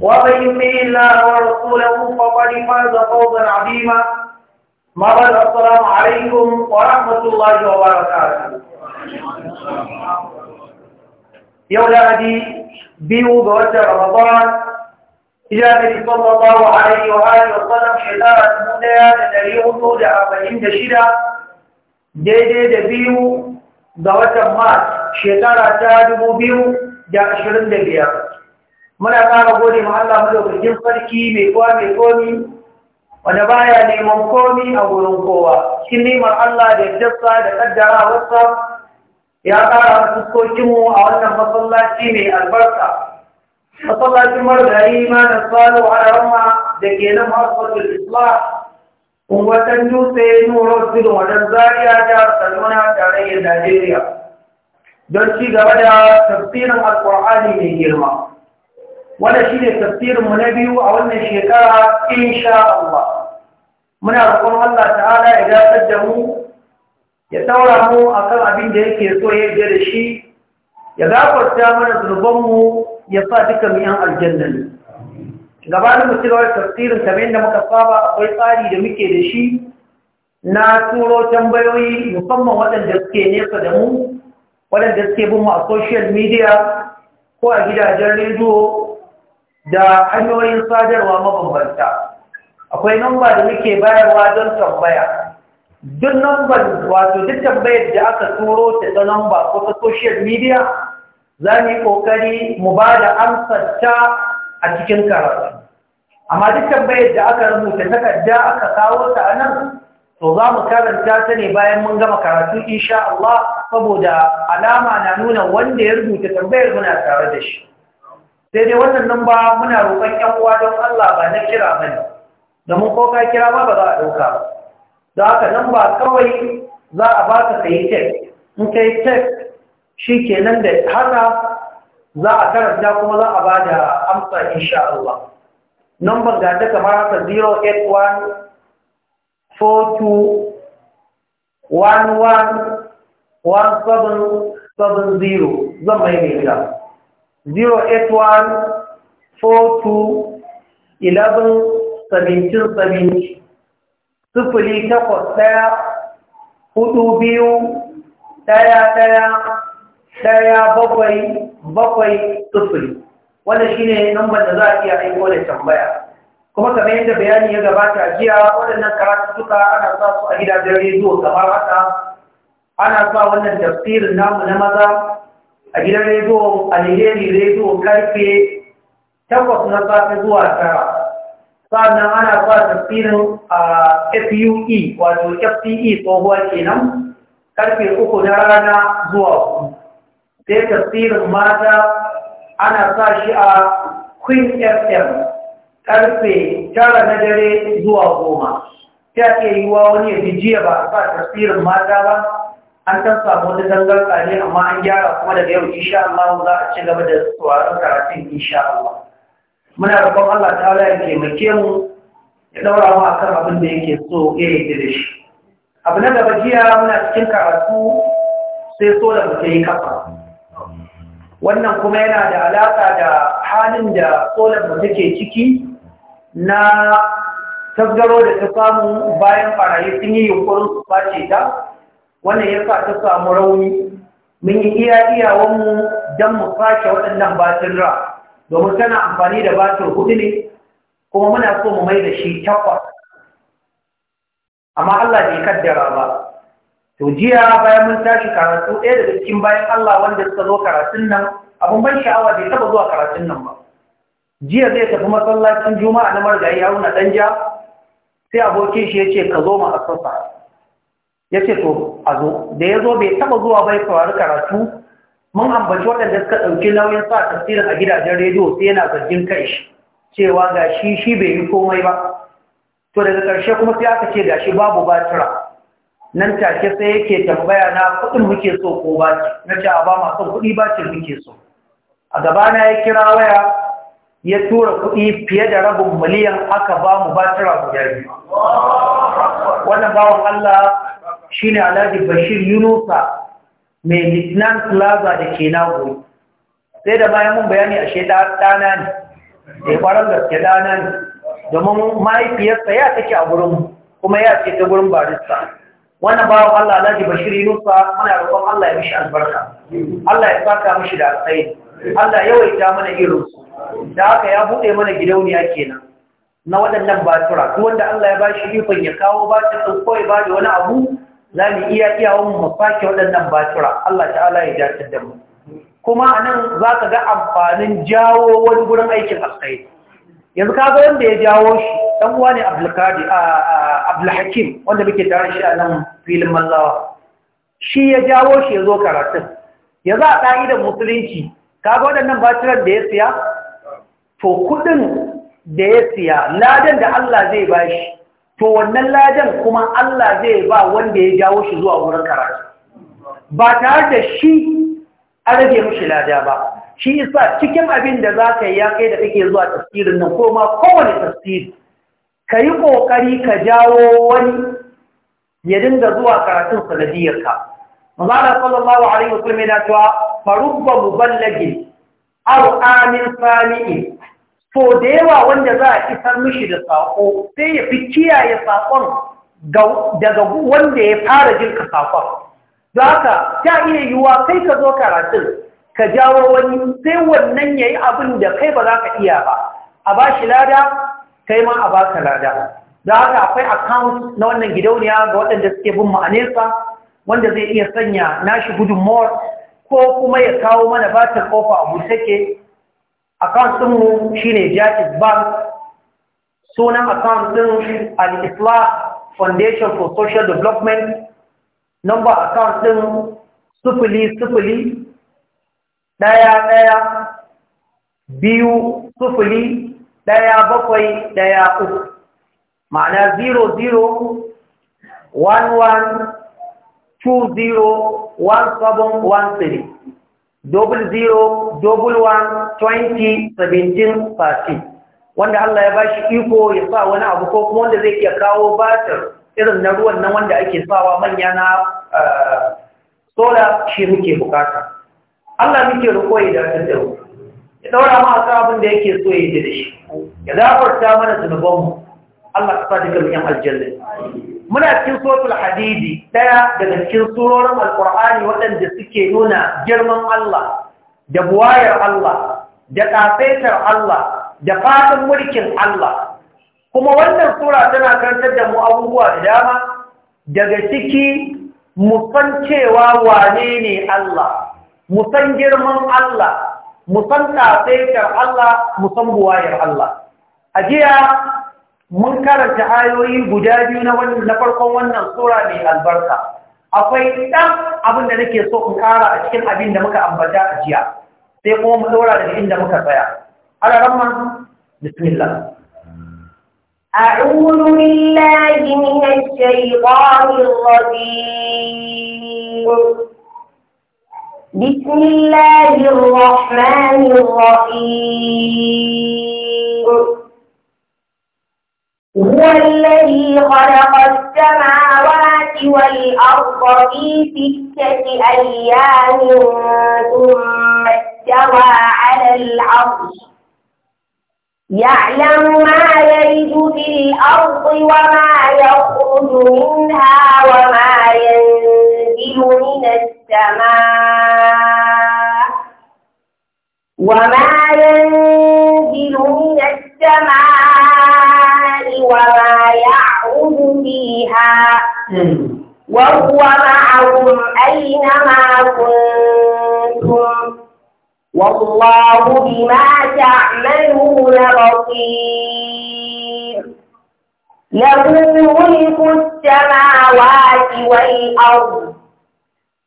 ومن يطع الله ورسوله فقد فاز فوزا عظيما ما بعد السلام عليكم ورحمه الله وبركاته yau lahadi biyu ga watan ramadan ijabin sallallahu alaihi wa alihi wa sallam shekara dubu daya da dari hudu da arba'in da shida daidai da biyu ga watan mars shekara ta dubu biyu da ashirin da biyar muna ƙara gode ma Allah madaukakin sarki mai kowa mai komi wanda baya neman komi a wurin kowa cikin neman Allah da yaddarsa da kaddara wasa ya ƙara fuskokinmu a wannan masallaci mai albarka masallacin margari imanin salo a rama da ke nan masallacin islam ungwatan dutse nuro tudun wajen zariya jihar kaduna tarayyar najeriya don ci gaba da tafsirin alkur'ani mai girma wanda shi ne tafsirinmu na biyu a wannan shekara insha Allah muna roƙon Allah ta'ala ya gasar da mu ya taura mu akan abin da yake so ya yi da shi ya gafarta mana mu ya sa duka mu yan aljanna ne gabanin mu cigaba tafsirin kamar yadda muka saba akwai tsari da muke da shi na turo tambayoyi musamman waɗanda suke nesa da mu waɗanda suke bin mu a social media ko a gidajen rediyo da hanyoyin sadarwa mabambanta akwai namba da muke bayarwa don tambaya duk namba wato duk tambayar da aka turo ta ta namba ko ta social media za mu yi kokari mu ba da amsar ta a cikin karatu amma duk tambayar da aka rubuta takarda aka kawo ta a nan to za mu karanta ta ne bayan mun gama karatu insha Allah saboda alama na nuna wanda ya rubuta tambayar muna tare da shi sai dai wannan nan ba muna roƙon ƴan uwa don Allah ba na kira bane mun ko ka kira ma ba za a ɗauka Da don haka nan ba kawai za a ba ka kai tek in kai yi tek shi kenan da haka za a karanta kuma za a ba da amsa insha Allah number ga ta kamar haka 081 42 11 zan mai mai gida 08142 sifili, takwas ɗaya hudu biyu ɗaya ɗaya ɗaya bakwai bakwai sifili, wanda shi ne da za a iya aiko da tambaya kuma kamar yadda bayani ya gabata jiya waɗannan karatuka ana sa su a gidajen rediyo kamar haka ana sa wannan tafsirin namu na maza a gidan rediyo alheri rediyo karfe takwas na safe zuwa tara sannan ana sa tafsirin a fue wato fce tsohuwar kenan karfe uku na rana zuwa hudu sai tafsirin mata ana sa shi a queen fm karfe tara na dare zuwa goma ta ke yi wa wani ya jiya ba a sa tafsirin mata ba an san samu wani zangar tsari amma an gyara kuma daga yau insha Allah za a ci gaba da tsawaron karatun insha Allah muna roƙon Allah ta'ala ya taimake mu ya daura mu akan abin da yake so ya yi da shi abu na gaba jiya muna cikin karatu sai so da mutum yi kafa wannan kuma yana da alaƙa da halin da solar mu take ciki na tasgaro da ta samu bayan barayi sun yi yunkurin su face ta wannan ya sa ta samu rauni mun yi iya mu don mu fashe waɗannan batun ra domin tana amfani da batun hudu ne kuma muna so mu mai da shi takwas amma Allah bai kaddara ba to jiya bayan mun tashi karatu ɗaya daga cikin bayan Allah wanda suka zo karatun nan abin ban sha'awa bai taɓa zuwa karatun nan ba jiya zai tafi masallacin juma'a na marigayi haruna ɗanja sai abokin shi ya ce ka zo mu asasa ya ce to a zo da ya zo bai taba zuwa bai saurari karatu mun ambaci waɗanda suka ɗauki nauyin sa tasirin a gidajen rediyo sai yana zargin kai shi cewa ga shi shi bai yi komai ba to daga ƙarshe kuma sai aka ce ga shi babu batira nan take sai yake tambaya na kuɗin muke so ko ba ce na ce a ba ma son kuɗi ce muke so a gabana ya kira waya ya tura kuɗi fiye da rabin miliyan aka ba mu batira guda biyu wannan bawan Allah shi ne alhaji bashir yunusa mai litnan plaza da ke nagoyi sai da bayan mun bayani a shaida ɗana ne da kwarar gaske ɗana ne domin mahaifiyarsa ya take a gurin kuma ya ce ta gurin barista wannan bawan Allah alhaji bashir yunusa muna roƙon Allah ya mishi albarka Allah ya saka mishi da alkhairi Allah yawaita mana irinsu da haka ya buɗe mana gidauniya kenan na waɗannan batura duk wanda Allah ya bashi ikon ya kawo ba ta ko ya bada wani abu za mu iya iyawun mu sake waɗannan batura Allah ta'ala ya dace da mu kuma anan za ka ga amfanin jawo wani gurin aikin alkhairi yanzu ka ga wanda ya jawo shi dan uwa ne Abdulkadir Abdulhakim wanda muke tare shi a nan filin mallawa shi ya jawo shi ya zo karatun ya za a ɗayi musulunci ka ga waɗannan baturan da ya siya to kuɗin da ya siya ladan da Allah zai bashi to wannan ladan kuma Allah zai ba wanda ya jawo shi zuwa wurin karatu ba tare da shi a rage mashi lada ba shi isa cikin abin da za ka yi ya kai da kake zuwa tasirin nan ko ma kowane tasiri ka yi ƙoƙari ka jawo wani ya dinga zuwa karatun sanadiyarka mazala sallallahu alaihi wasallam yana cewa farubba muballagi aw amin sami'in so da yawa wanda za a isar mishi da saƙo sai ya fi kiyaye saƙon daga wanda ya fara ka saƙon za ka ta iya yiwuwa kai ka zo karatun ka jawo wani sai wannan ya yi abin da kai ba za ka iya ba a ba shi lada kai ma a ba ka lada za haka akwai account na wannan gidauniya ga waɗanda suke bin ma'anesa wanda zai iya sanya nashi gudunmawar ko kuma ya kawo mana batar ƙofa a take account shi shine Jatis Bank sunan account ɗin Al-Islah Foundation for Social Development number account ɗin sufuli sufuli daya daya biyu sufuli ɗaya bakwai ɗaya uku ma'ana 00 double zero double one twenty seventeen thirty wanda Allah ya bashi iko ya sa wani abu ko kuma wanda zai iya kawo batir irin na ruwan nan wanda ake sawa manya na eh, sola shi muke bukata Allah muke roƙo ya dace da mu ya daura ma wasu abin da yake so ya yi da shi ya zafarta mana zunubanmu Allah ka sa duka mu yan aljanna muna cikin suratul hadidi daya daga cikin surorin Alƙur'ani waɗanda suke nuna girman Allah da buwayar Allah da kafaitar Allah da fatan mulkin Allah kuma wannan sura tana karantar da mu abubuwa da dama daga ciki mu san cewa wane ne Allah musan girman Allah mu san Allah musan buwayar Allah a jiya mun karanta ayoyi guda biyu na farkon wannan sura mai albarka akwai dan abin da nake so in kara a cikin abin da muka ambata a jiya sai kuma mu dora daga inda muka tsaya ala ramma bismillah أعوذ بالله من الشيطان الرجيم بسم الله الرحمن الرحيم هو الذي خلق السماوات والأرض في ستة أيام ثم استوى على العرش يعلم ما يلج في الأرض وما يخرج منها وما ينزل من السماء وما ينزل من السماء وما يعود فيها وهو معهم أينما كنتم والله بما تعملون بصير له ملك السماوات والأرض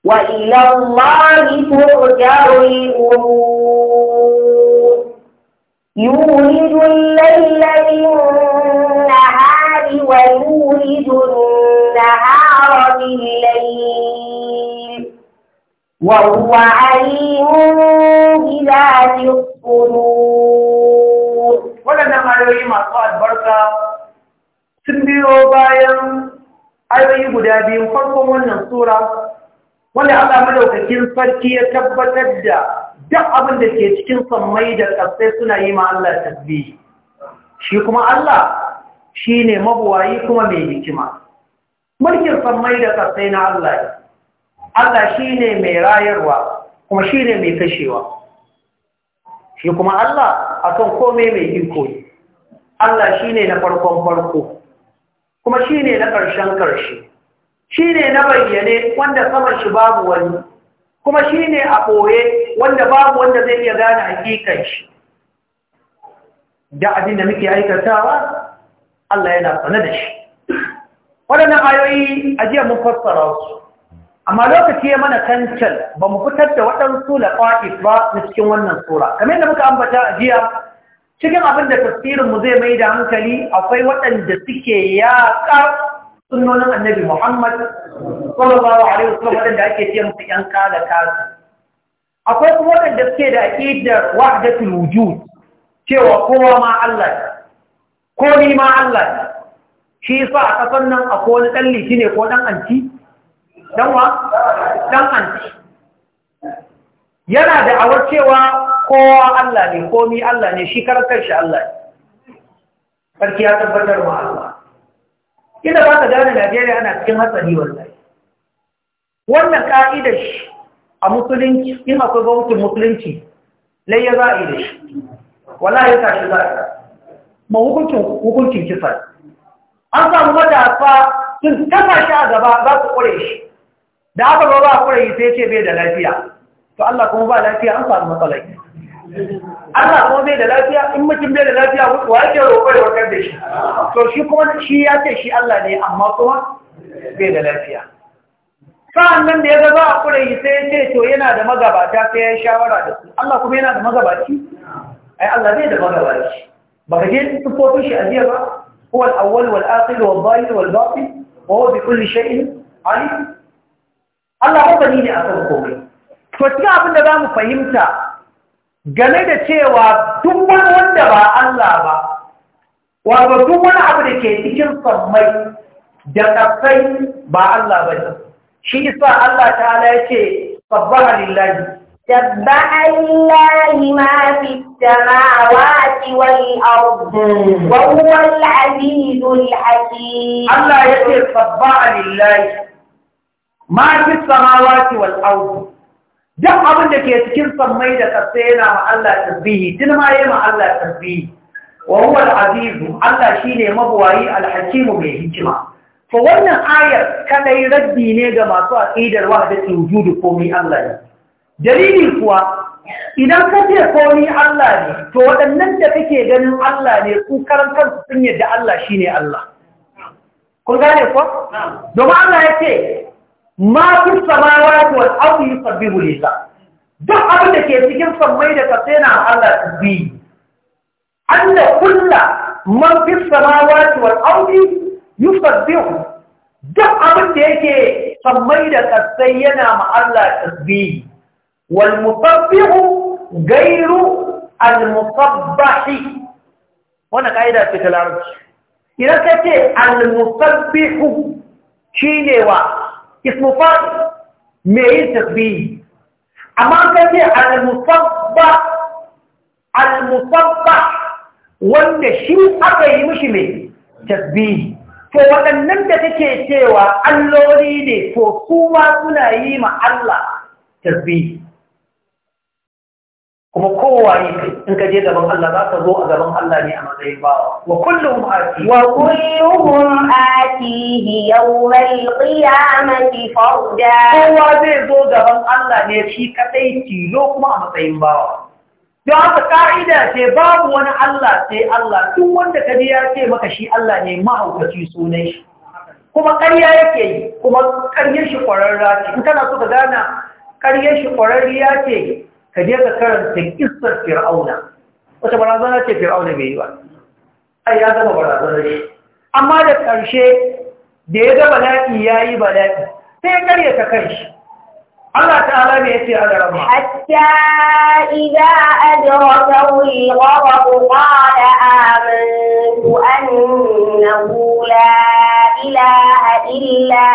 وإلى الله ترجع الأمور يولد الليل في النهار ويولد النهار في الليل وهو عليم بذات الصدور waɗannan ayoyi masu albarka sun biyo bayan ayoyi guda biyu farkon wannan sura wanda aka madaukakin farki ya tabbatar da duk abin da ke cikin sammai da ƙasai suna yi ma Allah tasbihi shi kuma Allah shi ne mabuwayi kuma mai hikima mulkin sammai da ƙasai na Allah ne Allah shi ne mai rayarwa kuma shi ne mai kashewa shi kuma Allah a kan kome mai iko Allah shi ne na farkon farko kuma shi ne na ƙarshen ƙarshe shi ne na bayyane wanda saman shi babu wani kuma shi ne a ɓoye wanda babu wanda zai iya gane hakikan shi da abin da muke aikatawa Allah yana sane da shi waɗannan ayoyi a jiya mun fassara su amma lokaci ya mana kancan ba mu fitar da waɗansu laƙa'if ba na cikin wannan tsura. kamar da muka ambata a jiya cikin abin da tasirinmu zai mai da hankali akwai waɗanda suke yaƙa sunnonin annabi muhammad sallallahu alaihi wasallam wadanda ake ce musu yan kala kasu akwai kuma wadanda suke da aqidar wahdatul wujud cewa kowa ma Allah ne, ko ni ma Allah ne, shi yasa a kasan nan akwai wani dan liti ne ko dan anti dan wa dan anti yana da awar cewa kowa Allah ne ko ni Allah ne shi karkar shi Allah ne sarki ya tabbatar wa Allah ina ba ka gane Najeriya ana cikin hatsari wallahi wannan ka'idar shi a musulunci in akwai gwamnatin musulunci laye ya za a yi da shi wala ya tashi za a ma hukuncin kisa an samu matasa sun kasa shi a gaba za su kure shi da aka ba ba kure shi sai ce bai da lafiya to Allah kuma ba lafiya an samu matsala Allah kuma bai da lafiya in mutum bai da lafiya wa yake roƙo ya warkar da shi to shi kuma shi ya ce shi Allah ne amma kuma bai da lafiya sa'an nan da ya ga za a kure yi sai ce to yana da magabata sai ya shawara da su Allah kuma yana da magabaci ai Allah zai da magabaci ba ka je tufofin shi a ba huwa al-awwal wa akhir wa zahir wal batin wa huwa bi kulli shay'in alim Allah mabani ne a kan komai to cikin abin da zamu fahimta game da cewa duk wani wanda ba Allah ba wa ba duk wani abu da ke cikin sammai da kasai ba Allah ba ne shi isa Allah ta'ala yace sabbaha lillahi سبح لله ما في السماوات والأرض وهو العزيز الحكيم الله يقول سبح لله ما في السماوات والأرض duk abin da ke cikin sammai da ƙasa yana ma Allah tasbihi tun ma yi ma Allah tasbihi wa huwa al-aziz Allah shine mabuwayi alhakimu mai hikima to wannan ayar kadai raddi ne ga masu aqidar wahdatul ko mi Allah ne dalili kuwa idan ka ce mi Allah ne to waɗannan da kake ganin Allah ne ku karan kansu sun yadda Allah shine Allah kun gane ko domin Allah ya ce ma fi samawati wal ardi yusabbihu lillah duk abin da ke cikin sammai da kasai na Allah tasbihi Allah kullu man fi samawati wal ardi yusabbihu duk abin da yake sammai da kasai yana ma tasbihi wal musabbihu gairu al musabbahi wannan kaida ce ta larabci idan ka ce al musabbihu shine wa ismu fa'il me yin tasbihi amma ka ce al musabbah al musabbah wanda shi aka yi mishi mai tasbihi to waɗannan da take cewa alloli ne to kuma suna yi ma Allah tasbihi kuma kowaye in ka je gaban Allah za ka zo a gaban Allah ne a matsayin bawa wa kullum ati wa kullum atihi yawmal qiyamati farda kowa zai zo gaban Allah ne shi kadai tilo kuma a matsayin bawa don haka ƙa'ida ce babu wani Allah sai Allah Tun wanda ka ya ce maka shi Allah ne mahaukaci sunan shi kuma ƙarya yake yi kuma ƙaryar shi ƙwararra ce in kana so ka gana ƙaryar shi ƙwararriya ce ka je ka karanta ƙisar fir'auna wata barazana ce fir'auna bai yi ba ai ya zama barazana shi amma da ƙarshe da ya ga bala'i ya yi bala'i sai ya ƙaryata kan shi الله تعالى بيتي على ربه حتى إذا أدركه الغرق قال آمنت أنه لا إله إلا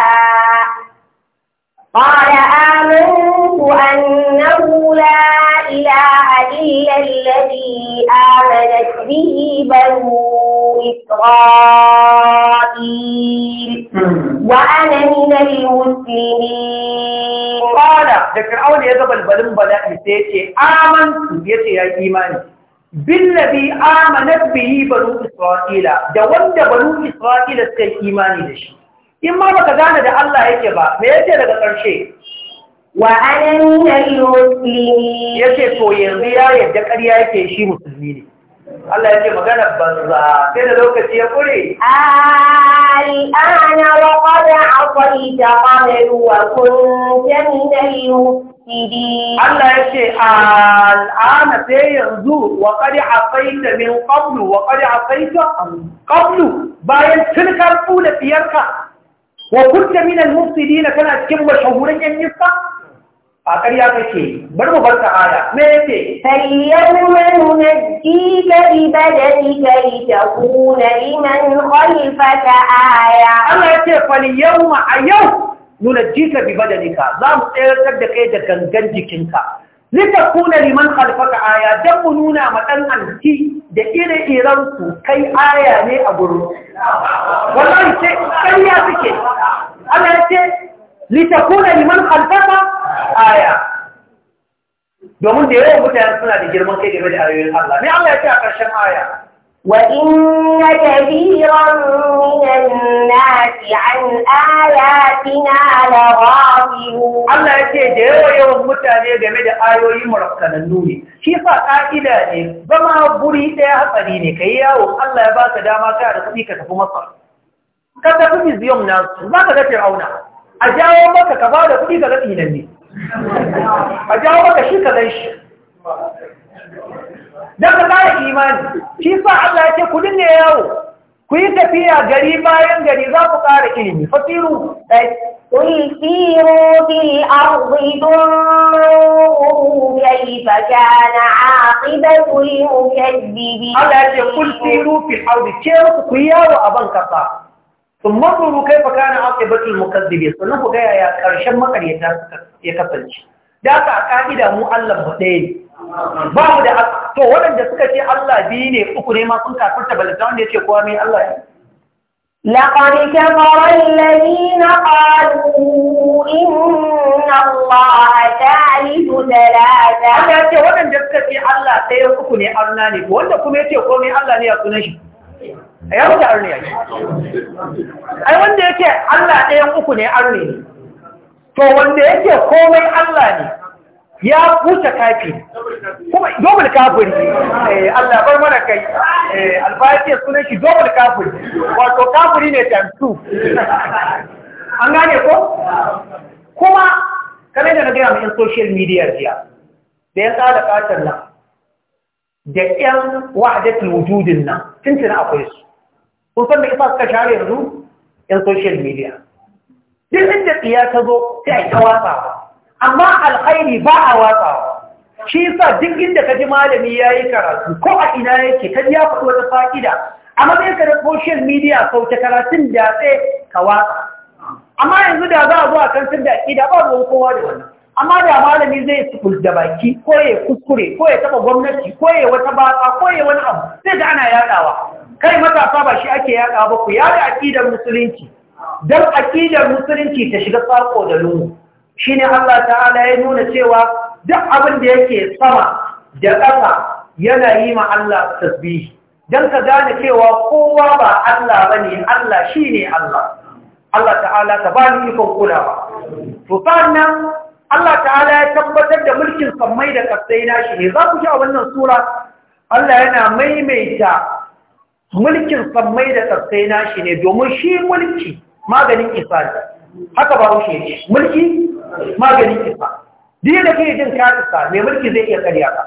قال آمنت أنه لا إله إلا الذي آمنت به بنو إسرائيل وأنا من المسلمين قال ذكر أول يجب البلم بلاء يتيتي آمنت يا إيماني بالذي آمنت به بنو إسرائيل da بنو إسرائيل isra'ila إيماني لشي in ma baka gane da Allah yake ba me yake daga ƙarshe wa ananil muslimi yake to yanzu ya yadda ƙarya yake shi musulmi ne Allah yake magana banza sai da lokaci ya kure Ana wa qad aqaita qablu wa kunta min al-mufsidin Allah yake al'ana sai yanzu wa qad aqaita min qablu wa qad aqaita qablu bayan tilkar kula fiyarka wa kunta min al-mufsidin kana cikin mashahuran yan iska a ƙarya kake bar mu barka aya me yake fayyawma nunjika bi badalika litakuna liman khalfaka aya Allah yace falyawma a yau nunjika bi badalika za mu tsayar da kai da gangan jikinka litakuna liman khalfaka aya dan mu nuna ma dan da ire-iren ku kai aya ne a gurin wallahi ce ya suke Allah ya ce litakuna liman khalfaka aya domin da yawan mutane suna da girman kai game da ayoyin Allah ne Allah ya ce a ƙarshen aya وإن كثيرا من الناس عن آياتنا لغافلون الله يكي جيو يوم متعني جميد آيو يمركنا النوني شيخا قائلة بما بري تيها فليني كي ياو الله يباك داما كان خبيك تفو مصر كتا كمي زيوم ناس ماك ذات العونة أجاو ماك كفادة خبيك ذات هنا أجاو ماك شيك ذات don ka ƙara imani shi sa Allah ya ce ku dinga yawo ku yi tafiya gari bayan gari za ku ƙara ilimi fasiru قل سيروا في الأرض ثم انظروا كيف كان عاقبة المكذبين الله يقول قل سيروا في الأرض كيف كياو أبن sun sannan ku gaya ya ƙarshen makaryata ya kasance da aka ƙa'ida mu Allah mu ɗaya ba mu da to waɗanda suka ce Allah biyu ne uku ne masu kafirta wanda ya ce kowa mai Allah ne لقد كفر الذين قالوا إن الله ثالث ثلاثة أنا الله أرناني وقومي الله لي ya wuce ai wanda ce Allah ɗayan uku ne arni ne to wanda komai Allah ne ya kuce kafin, kuma dobul kafiri eh, Allah bar mana kai eh, alfatiya sunan shi dobul kafin wato kafiri ne tantu an gane ko kuma kamar da na gaya mai social media jiya da ya tsada katon nan da ƴan wahadatul wujudin nan tuntuna akwai su kun san da isa suka share yanzu yan social media duk inda tsiya ta zo sai a yi ta watsawa amma alkhairi ba a watsawa shi yasa duk inda kaji malami yi karatu ko a ina yake kaji ya faɗi wata fa'ida amma sai ka da social media sau ta karatun da tsaye ka watsa amma yanzu da za a zo a kantin da ƙida, ba ruwan kowa da wannan amma da malami zai tukul da baki ko ya kuskure ko ya taba gwamnati ko ya wata batsa ko ya wani abu sai da ana yaɗawa kai matasa ba shi ake yaɗawa ba ku yaɗa aƙidar musulunci don aƙidar musulunci ta shiga tsako da lungu Shin Allah ta'ala ya nuna cewa duk abin da yake sama da ƙasa yana yi ma Allah tasbihi dan ka gane cewa kowa ba Allah ne. Allah ne Allah Allah ta'ala ka bani ikon kulawa to sannan Allah ta'ala ya tabbatar da mulkin sammai da kasai shi ne za ku ji wannan sura Allah yana maimaita mulkin sammai da kasai shi ne domin shi mulki maganin isali haka ba wuce mulki maganin kisa Din da kai jin ka mai mulki zai iya karya ka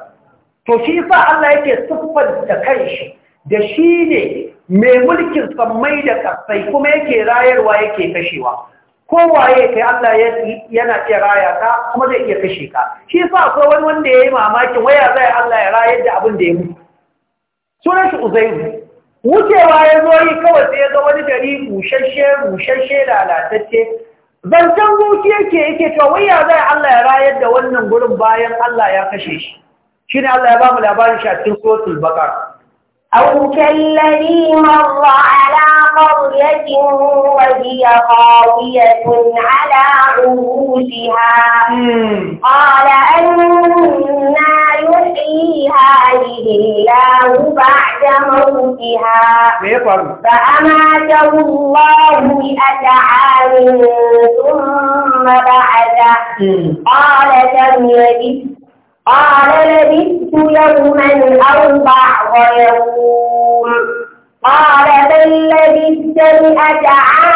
to shi sa Allah yake siffanta kanshi da shi ne mai mulkin sammai da kasai kuma yake rayarwa yake kashewa waye kai Allah yana iya raya ka kuma zai iya kashe ka shi sa akwai wani wanda ya yi mamakin waya zai Allah ya rayar da abin da ya mutu sunan shi uzairu wucewa ya zo yi kawai sai ya ga wani gari bushashe bushashe lalatacce zancen zuciya ke yake cewa wai ya zai Allah ya rayar da wannan gurin bayan Allah ya kashe shi ne Allah ya ba mu labarin shi a cikin suratul baqara aw kallazi marra ala قرية وهي خاوية على عروشها قال أنا يحيي هذه الله بعد موتها فأماته الله مئة عام ثم بعد قال كم لبثت قال لبثت يوما أو بعض يوم قال بل لبثت مئة عام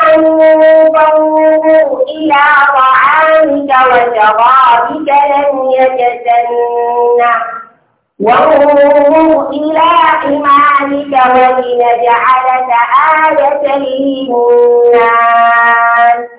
فانظر إلى طعامك وشرابك لم يتسنى وانظر إلى حمارك ولنجعلك آية للناس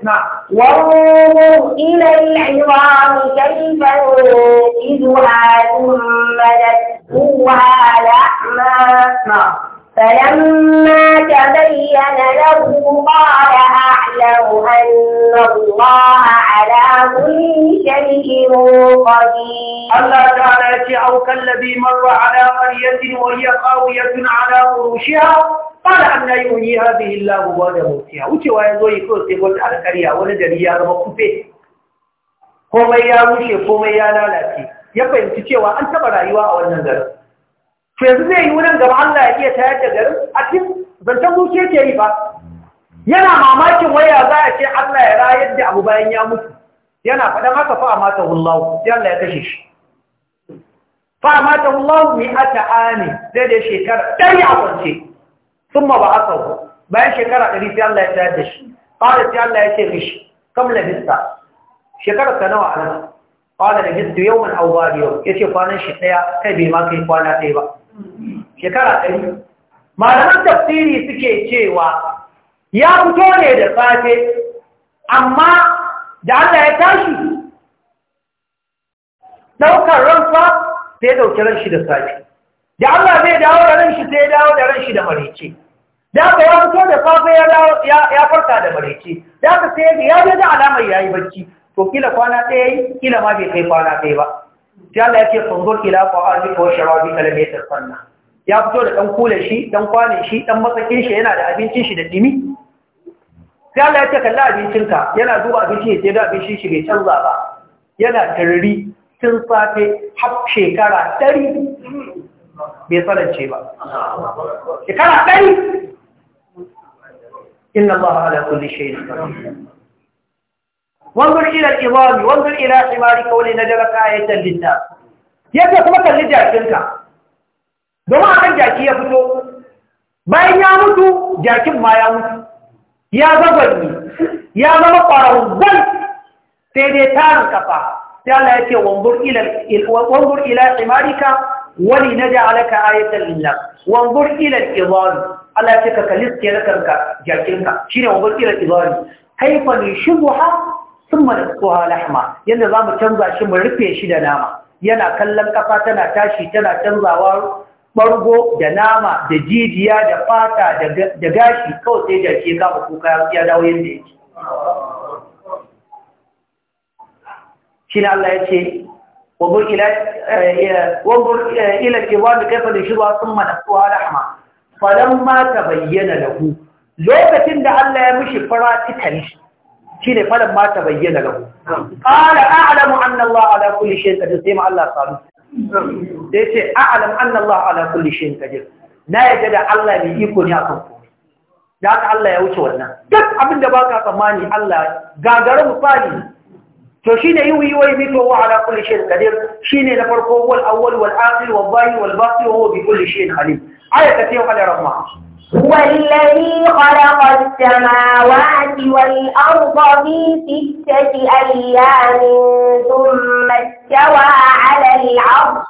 نعم. وانظر إلى العظام كيف ننشدها ثم نكسوها لحما نعم. فلما تبين له قال أعلم أن الله على كل شيء قدير الله تعالى يتعوك الذي مر على قرية وهي قاوية على عروشها قال أن يحيي هذه الله بعد موتها وتوا يزوي كل سيقول على قرية ولدني يا رب كفه komai ya rushe komai ya lalace ya fahimci cewa an taba rayuwa a wannan garin to yanzu zai yi wurin gaba Allah ya iya tayar da garin a cikin zancen zuciya ke yi ba yana mamakin waya za a ce Allah ya rayar da abu bayan ya mutu yana faɗan haka fa a mata hullahu sai Allah ya kashe shi fa a mata hullahu mai ata ani sai da shekara ɗari a kwance sun ma ba aka hu bayan shekara ɗari sai Allah ya tayar da shi ƙara sai Allah ya ce mishi kam labista shekarar ta nawa a nan ƙara labista yau man auwa yau ya ce kwanan shi ɗaya kai bai ma kai kwana ɗaya ba shekara ɗari malaman tafsiri suke cewa ya fito ne da safe amma da Allah ya tashi ɗaukar ransa sai ɗauki ran da safe da Allah zai dawo da ranshi sai dawo da ran shi da marice da aka ya fito da safe ya farka da marice da aka sai ya je da alamar ya yi bacci to kila kwana ɗaya kila ma bai kai kwana ɗaya ba sai Allah yake fanzur ila qa'alika wa sharabika lam sannan. ya fito da ɗan kula shi dan kwanin shi dan matsakin shi yana da abincin shi da dimi sai Allah yake kalla abincinka yana duba abincin ya da abincin shi bai canza ba yana tarri tun safe har shekara 100 bai tsanance ba shekara 100 inna Allah ala kulli shay'in qadir wanzur ila al-ibami wanzur ila himarika wa linajalaka ayatan linnas yadda kuma kalli jakinka domin akan jaki ya fito bayan ya mutu jakin ma ya mutu ya zama ƙwararrun sai dai tarin kafa sai Allah ya ce wanzur ila wanzur ila himarika wa linajalaka ayatan linnas wanzur ila al-ibami Allah ya ce ka kalli shine wanzur ila al-ibami sun manasuwa lahma yadda za mu canza shi mu rufe shi da nama yana kallon ƙasa tana tashi tana canzawa ɓargo da nama da jijiya da fata da gashi kawai sai da ke kama kuka ya dawo yadda yake shi na Allah ya ce wabur ila eh, eh, kiwa da kaifa da shirwa sun manasuwa lahma falon ma ta bayyana lahu lokacin da Allah ya mishi fara tikali ne falan ma ta bayyana lahu qala a'lamu anna Allah ala kulli shay'in kadir sai ma Allah sabu sai ce a'lamu anna Allah ala kulli shay'in kadir. na yadda da Allah mai iko ne akan komai da haka Allah ya wuce wannan duk abin da baka tsammani Allah gagara misali to shine yuwi wai mito wa ala kulli shay'in qadir shine na farko wal awwal wal akhir wal zahir wal batin wa huwa bi kulli shay'in alim ayata ce wa rahmah هو الذي خلق السماوات والأرض في ستة أيام ثم استوى على العرش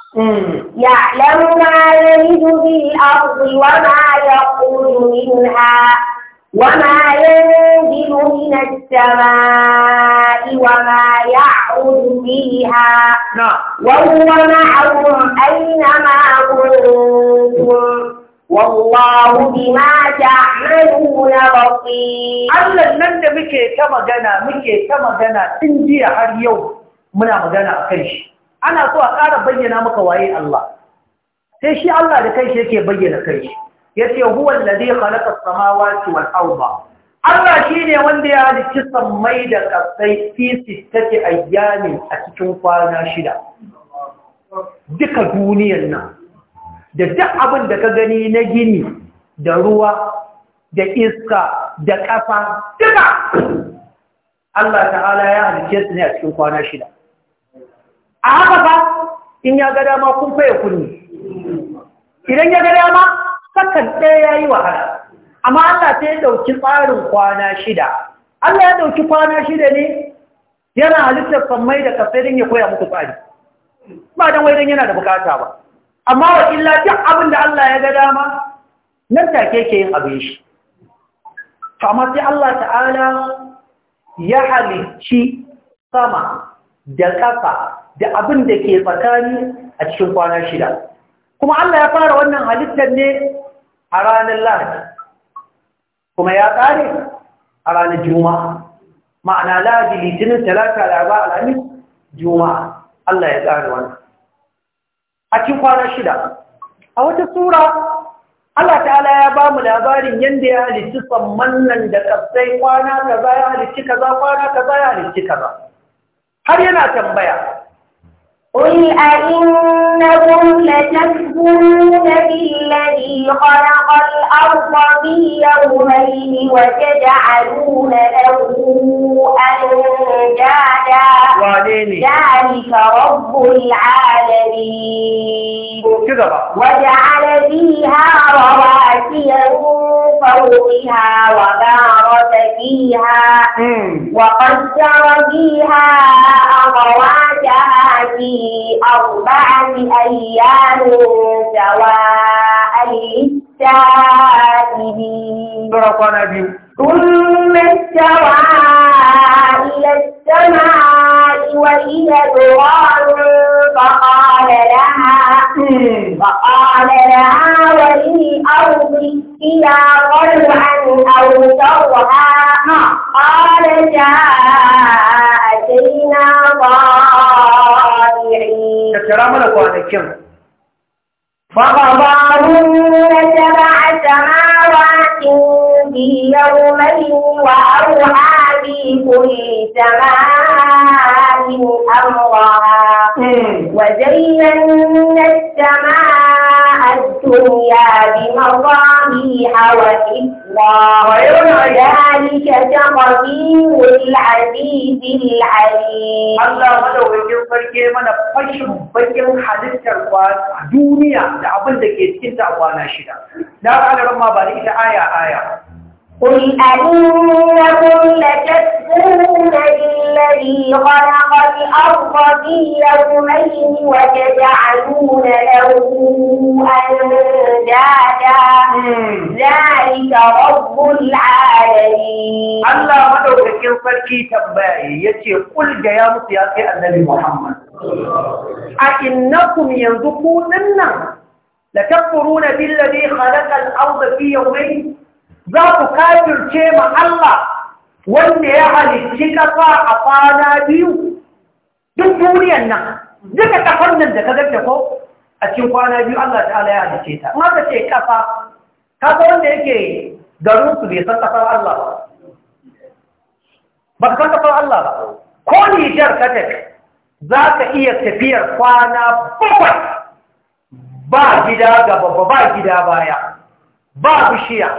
يعلم ما يلد في الأرض وما يخرج منها وما ينزل من السماء وما يعرج فيها نعم. وهو معهم أينما كنتم Wallahu bima ta'maluna basir. Allah nan da muke ta magana muke ta magana tun jiya har yau muna magana akan shi. Ana so a ƙara bayyana maka waye Allah. Sai shi Allah da kanshi yake bayyana kanshi. Yace huwa alladhi khalaqa as-samawati wal arda. Allah shi ne wanda ya halicci sammai da ƙasai fi sittati ayyamin a cikin kwana shida. Duka duniyar nan da duk abin da ka gani na gini da ruwa da iska da ƙasa duka Allah ta'ala ya halice su ne a cikin kwana shida a haka fa in ya ga dama kun faye kunni idan ya ga dama sakan ɗaya ya yi wahala amma Allah sai ya ɗauki tsarin kwana shida Allah ya ɗauki kwana shida ne yana halittar sammai da kafirin ya koya muku tsari ba don wai don yana da bukata ba amma wa illa duk abin da Allah ya ga dama nan take ke yin abin shi To amma sai Allah ta'ala ya halicci sama da ƙasa da abin da ke tsakani a cikin kwana shida kuma Allah ya fara wannan halittar ne a ranar Lahadi kuma ya ƙare a ranar Juma'a ma'ana Lahadi Litinin Talata Laraba Alhamis Juma'a Allah ya ƙare wannan a cikin kwana shida a wata sura Allah ta'ala ya ba mu labarin yadda ya halitti samman nan da kasai kwana kaza ya halitti kaza kwana kaza ya halitti kaza har yana tambaya قل أئنكم لتكفرون بالذي خلق الأرض في يومين وتجعلون له أندادا ذلك رب العالمين وجعل فيها رواسي فوقها وبارك فيها وقدر فيها أقواتها في أربعة أيام سواء للسائلين ثم استوى إلى السماء وهي دخان فقال لها فقال لها وللأرض إلى طلعا أو نعم. قال جاء أتينا طائعين ta kira mana kwanakin ba ba ba فوقهن سبع سماوات في يومين وأوحى في كل سماء أمرها وزينا السماء الدنيا بمصابيح وحفظا ذلك تقدير العزيز العليم الله مدوكين فرقه من فشم فشم حدث كربات دنيا da abin cikin ta kwana shida da ƙalarin ma ba da ita aya aya قل أئنكم لتكفرون بالذي خلق الأرض في يومين وتجعلون له أندادا ذلك رب العالمين الله مدعو كيف فركي تبعي يتي قل يا مصياتي النبي محمد أكنكم ينذكون النار لتكفرون بالذي خلق الأرض في يومين ذاك كافر شيما الله وان يعلي الشكفة أطانا بيو دون دوني النقل duka kafar nan da ka zarta ko a cikin kwana biyu Allah ta'ala ya halice ta amma ka ce kafa kafa wanda yake garin su bai san kafar Allah ba ba san Allah ba ko Nijar ka za ka iya tafiyar kwana bakwai ba gida gaba ba gida baya ba bishiya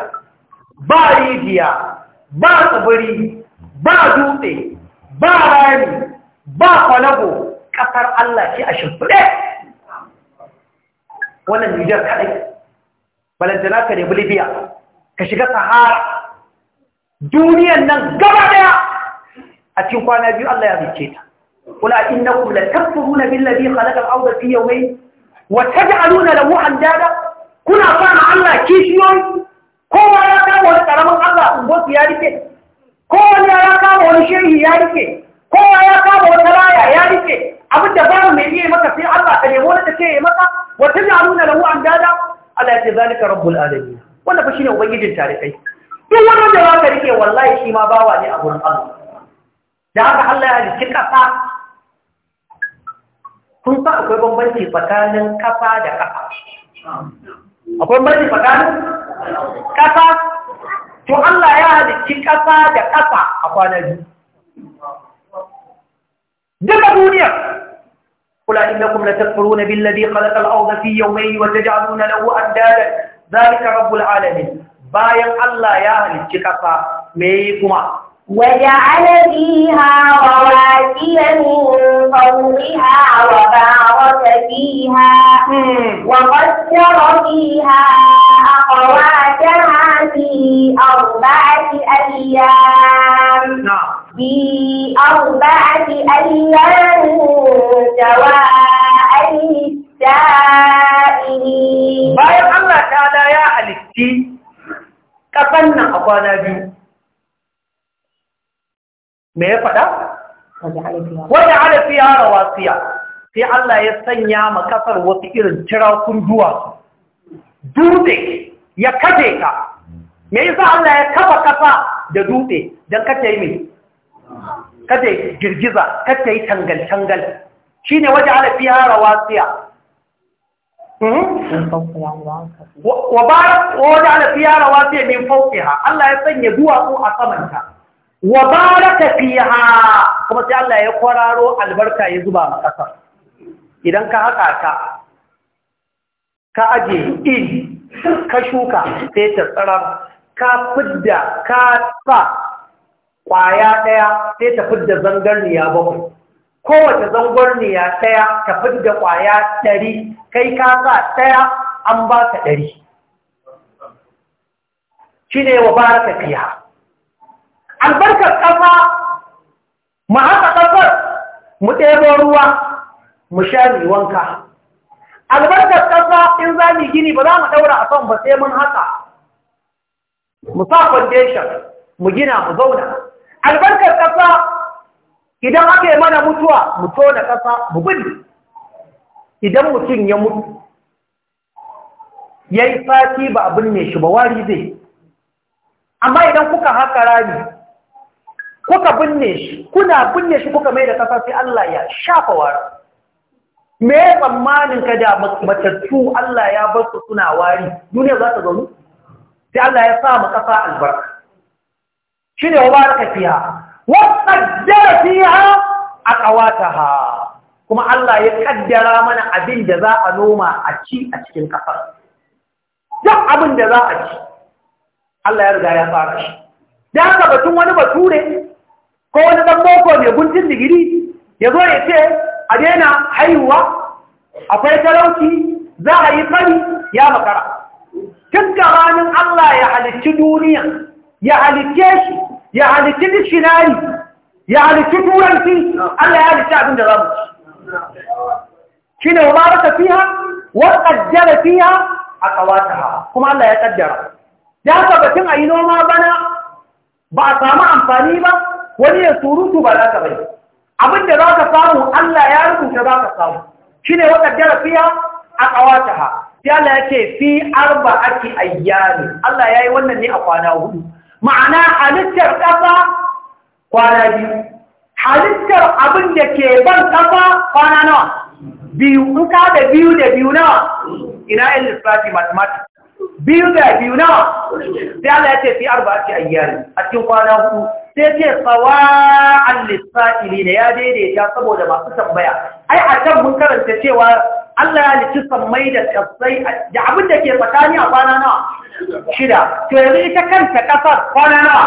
ba rijiya ba tsibiri ba dutse ba rami ba kwalago ƙasar Allah ce a shimfiɗe wannan nijar kaɗai balantana ka nemi libya ka shiga sahara duniyan nan gaba ɗaya a cikin kwana biyu Allah ya zuce ta kula innakum la takfuruna billazi khalaqa al-ardha fi yawmayn wa taj'aluna lahu andada kuna fara Allah kishiyoyi kowa ya kama wani karamin Allah ungosu ya rike kowa ya kama wani shehi ya rike kowa ya kama wata raya ya rike abin da babu mai iya maka sai Allah ka nemo da ke ya maka wa taj'aluna lahu andada Allah ya ce zalika rabbul alamin wannan fa shine ubangijin tarikai duk wanda da ka rike wallahi shi ma bawa ne a gurin Allah da haka Allah ya rike kasa kun fa akwai bambanci tsakanin kafa da kafa akwai bambanci tsakanin kafa to Allah ya halicci kafa da kafa a kwanar biyu duka duniya kula na kuma innakum la takfuruna billadhi khalaqa al na fi yawmayni wa taj'aluna za andada dhalika rabbul alamin bayan Allah ya halicci kafa me kuma وجعل فيها رواسي من فوقها وبارك فيها وقدر فيها أقواتها في أربعة أيام نعم. في أربعة أيام سواء للسائلين. بارك الله تعالى يا علي كفلنا أبانا بيه me ya faɗa wanda ala fiya rawasiya sai Allah ya sanya ma kasar wasu irin tirakun duwatsu dutse ya kaje ka me yasa Allah ya kafa kasa da dutse don kace mai kace girgiza kace tangal tangal shine waje ala fiya wasiya? Hmm? wa barak waje ala fiya rawasiya min fawqiha Allah ya sanya duwatsu a samanta wa baraka fiha kuma sai Allah ya kwararo albarka ya zuba a ƙasar idan ka haka ka, ka aje in ka shuka sai ta tsarar ka fidda ka sa ƙwaya ɗaya sai ta fidda zangarniya bakwai kowace zangarniya ɗaya ta fidda ƙwaya ɗari kai ka sa ɗaya an ba ka ɗari shi ne wa baraka fiha albarkar ƙasa mu haka ƙasar mu ɗebo ruwa mu sha mu wanka albarkar ƙasa in za mu gini ba za mu ɗaura a kan ba sai mun haka mu sa foundation mu gina mu zauna albarkar ƙasa idan aka yi mana mutuwa mu tona ƙasa mu gudu idan mutum ya mutu ya yi fati ba abin mai shi ba wari zai amma idan kuka haka rami kuka binne shi kuna binne shi kuka mai da kasa sai Allah ya shafa wara me ya tsammanin ka da matattu Allah ya bar su suna wari duniya za ta zaune? sai Allah ya sa mu kasa albarka shine wa baraka fiha wa qaddara fiha aqwataha kuma Allah ya kaddara mana abin da za a noma a ci a cikin kafar duk abin da za a ci Allah ya riga ya fara shi da haka batun wani bature ko wani ɗan boko mai guntun digiri ya zo ya ce a daina haihuwa akwai talauci za a yi fari ya makara tun gabanin Allah ya halicci duniya ya halicce shi ya halicci dishinari ya halicci turanci Allah ya halicci abin da za mu ci shi ne wa raka fiha wa fiya a kawata kuma Allah ya ƙaddara da haka batun a yi noma bana ba a samu amfani ba wani ya surutu ba za ka bai abin da za ka samu Allah ya rubuta za ka samu shi ne wata jarafiya a ƙawata ha sai Allah ya ce fi arba ake ayyami Allah ya yi wannan ne a kwana hudu ma'ana halittar ƙasa kwana biyu halittar abin da ke ban ƙasa kwana nawa biyu in ka da biyu da biyu nawa ina yin lissafi mathematics biyu ga biyu na sai Allah ya ce fi arba'ati ayyami a cikin kwana hudu sai ce sawa'an lissafi ne ya daidaita saboda masu tambaya ai a can mun karanta cewa Allah ya lici sammai da kasai da abin da ke tsakani a kwana nawa shida to yanzu ita kanta kasar kwana nawa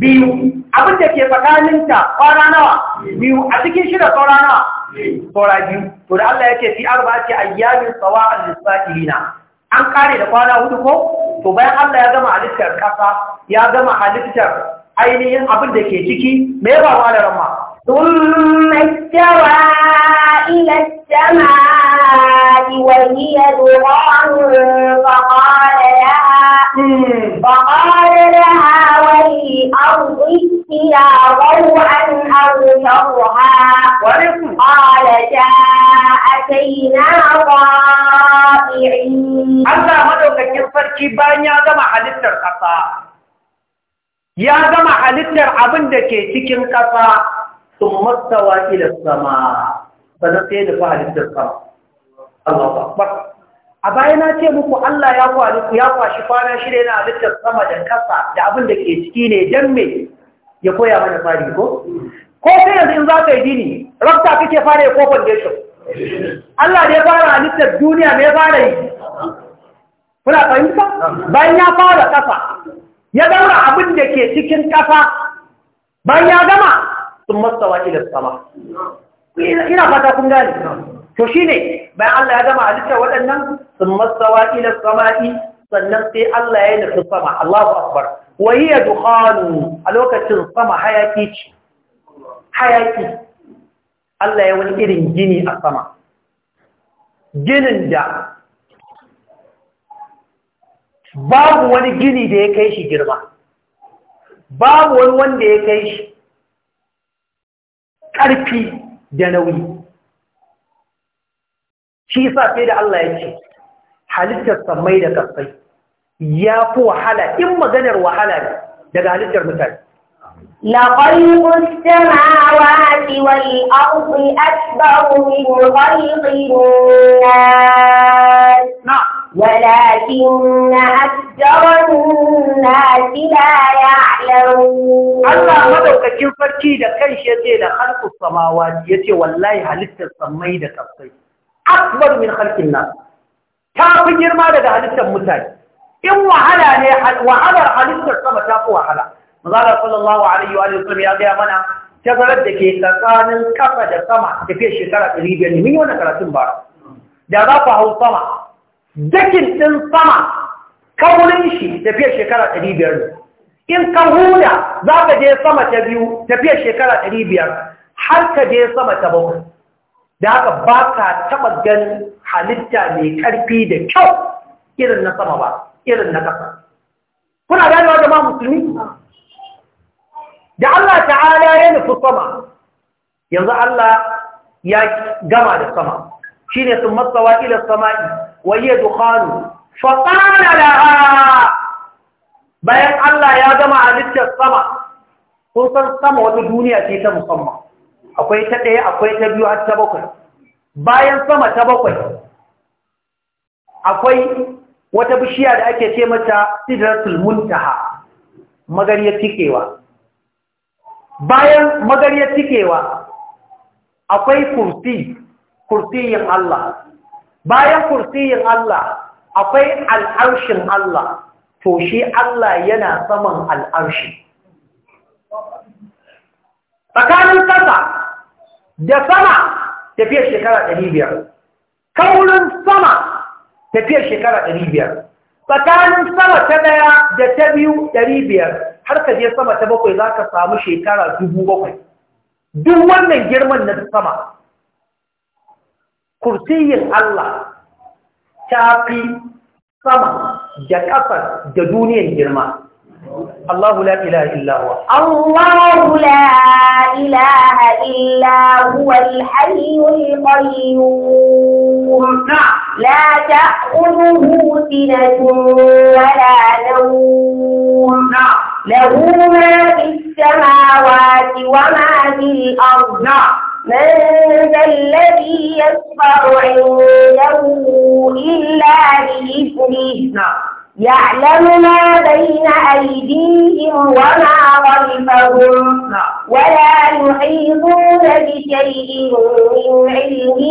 biyu abin da ke tsakaninta kwana nawa biyu a cikin shida kwana na? biyu to da Allah ya ce fi arba'ati ayyamin sawa'an lisa'ilina an kare da kwana hudu ko to bayan Allah ya gama halittar kasa ya gama halittar ainihin abin da ke ciki me ya ba da ramma thumma istawa ila السماء وهي دخان فقال لها فقال لها وللأرض ائتيا ضوعا أو كرها قالتا أتينا madaukakin bayan ya gama halittar ƙasa, ya gama halittar abin da ke cikin ƙasa sun matsawa ilar sama, na sai da fa halittar sama. Allahu Akbar a baya na ce muku Allah ya ku ya kwashi kwana shida na halittar sama da kasa da abin da ke ciki ne dan me ya koya mana fari ko ko sai yanzu in za ka yi dini rafta kake fara ya kofar da shi Allah da ya fara halittar duniya me ya fara yi kuna fahimta bayan ya fara kasa ya daura abin da ke cikin kasa bayan ya gama sun wa ila sama ina fata kun gane to shine bayan Allah ya gama halitta waɗannan sun masawa ila sama'i sannan sai Allah ya nufi sama Allahu akbar wa hiya dukhanu a lokacin sama hayaki ce hayaki Allah ya wani irin gini a sama ginin da babu wani gini da ya kai shi girma babu wani wanda ya kai shi ƙarfi da nauyi shi sa sai da Allah ya ce halittarsa mai da kafai ya fi wahala in maganar wahala daga halittar mutane laƙwaiƙun jama'awa siwai akwai asibarumi ko ƙwaiƙiriya walakin asibarumin asila ya yaro Allah madaukakin farki da kai shi da harkus samawa ya ce wallahi halittar samai da kafai akbar min halkin nan ta fi girma daga halittar mutane in wahala ne wahalar halittar sama ta fi wahala mazala sallallahu alaihi wa sallam ya gaya mana tazarar da ke tsakanin kafa da sama tafiyar shekara ɗari biyar ne mun yi wannan karatun bara da za ku hau sama dakin ɗin sama kaurin shi tafiyar shekara ɗari biyar ne in ka huda za ka je sama ta biyu tafiyar shekara ɗari biyar har ka je sama ta bakwai da haka ba ka taɓa ganin halitta mai ƙarfi da kyau irin na sama ba irin na ƙasa kuna ganewa da ma musulmi da Allah ta'ala ya nufi sama yanzu Allah ya gama da sama shi ne sun matsawa ila sama'i waye dukkanu faƙana da bayan Allah ya gama halittar sama kun san sama wata duniya ce ta musamman akwai ta ɗaya akwai ta biyu har ta bakwai bayan sama ta bakwai akwai wata bishiya da ake ce mata sidratul muntaha magariyar cikewa, bayan magariyar cikewa akwai kursi kursiyin Allah bayan kursiyin Allah akwai al'arshin Allah to shi Allah yana saman al'arshi tsakanin ƙasa da sama tafiyar shekara ɗari biyar. kaurin sama tafiyar shekara ɗari biyar. tsakanin sama ta ɗaya da ta biyu ɗari biyar har ka je sama ta bakwai za ka samu shekara dubu bakwai duk wannan girman na sama kursiyin Allah ta fi sama da ƙasar da duniyan girma الله لا إله إلا هو الله لا إله إلا هو الحي القيوم نعم. لا تأخذه سنة ولا نوم نعم. له ما في السماوات وما في الأرض نعم. من ذا الذي يصبر عنده إلا بإذنه يعلم ما بين أيديهم وما خلفهم نعم. ولا يحيطون بشيء من علمه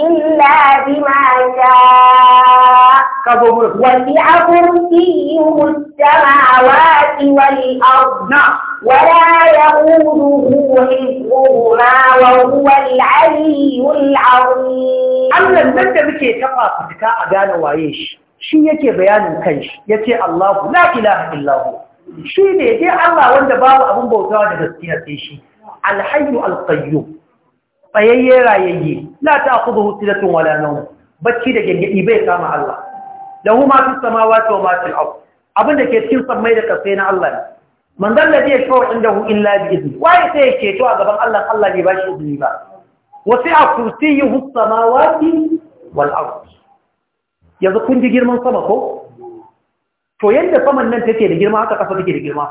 إلا بما شاء وسع كرسيه السماوات والأرض نعم. ولا يؤوده حفظهما وهو العلي العظيم. Allah nan da يا taɓa بكاء قالوا gane shi yake bayanin kanshi ce Allahu la ilaha illahu shi ne dai Allah wanda babu abin bautawa da gaskiya sai shi alhayyu alqayyum tsayayye rayayye la ta'khudhuhu sinatun wala nawm bacci da gangadi bai kama Allah lahu ma fis samawati wa ma fil ard abin da ke cikin sammai da kasai na Allah ne man dan da zai shawo hu illa bi izni wai sai ya ceto a gaban Allah Allah ne bashi izini ba wa sa'a kursiyyuhu samawati wal ard yanzu kun ji girman sama ko to yadda saman nan take da girma haka ƙasa take da girma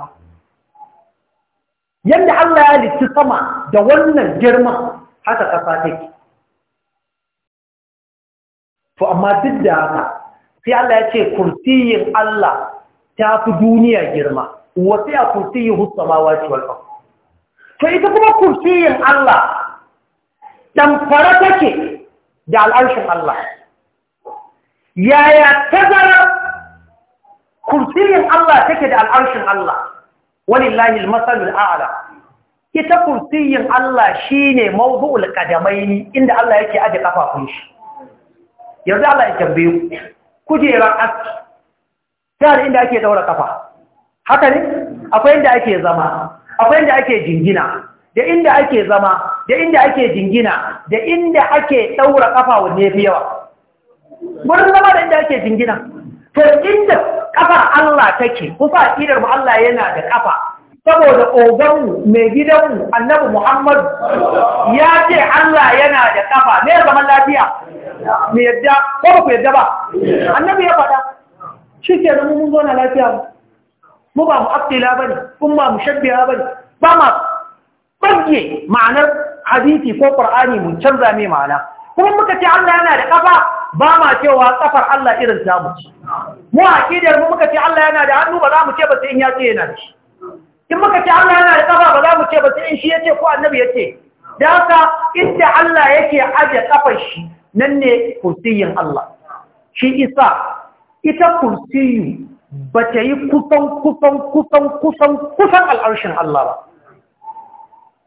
yadda Allah ya halitta sama da wannan girma haka ƙasa take to amma duk da haka sai Allah ya ce kursiyin Allah ta fi duniya girma wasu ya kursiyi hussamawa ce walfa to ita kuma kursiyin Allah ɗamfara take da al'arshin Allah yaya tazarar kursiyin Allah take da al'arshin Allah wani al-masalul a'la ita kursiyin Allah shi shine mawdu'ul qadamaini inda Allah yake aje ƙafafun shi yanzu Allah ya tambaye ku kujerar aski ta inda ake daura ƙafa, haka ne akwai inda ake zama akwai inda ake jingina da inda ake zama da inda ake jingina da inda ake daura ƙafa wanne yafi yawa wurin zama da inda ake jingina to inda ƙafar Allah take kusa akidar mu Allah yana da kafa saboda oganmu mai gidanmu annabi Muhammad ya ce Allah yana da kafa me zama lafiya me yadda ko ku yadda ba annabi ya faɗa shi ke nan mun zo na lafiya mu ba mu bane kun ba mu shabbiya bane ba ma bagge ma'anar hadisi ko qur'ani mun canza mai ma'ana kuma muka ce Allah yana da ƙafa? ba ma cewa kafar Allah irin tamu ce mu aqidar mu muka ce Allah yana da hannu ba za mu ce ba sai in ya ce yana da shi in muka ce Allah yana da kafa ba za mu ce ba sai in shi yace ko annabi yace da haka inda Allah yake aje kafar shi nan ne kursiyin Allah shi isa ita kursiyu ba ta yi kusan kusan kusan kusan kusan al'arshin Allah ba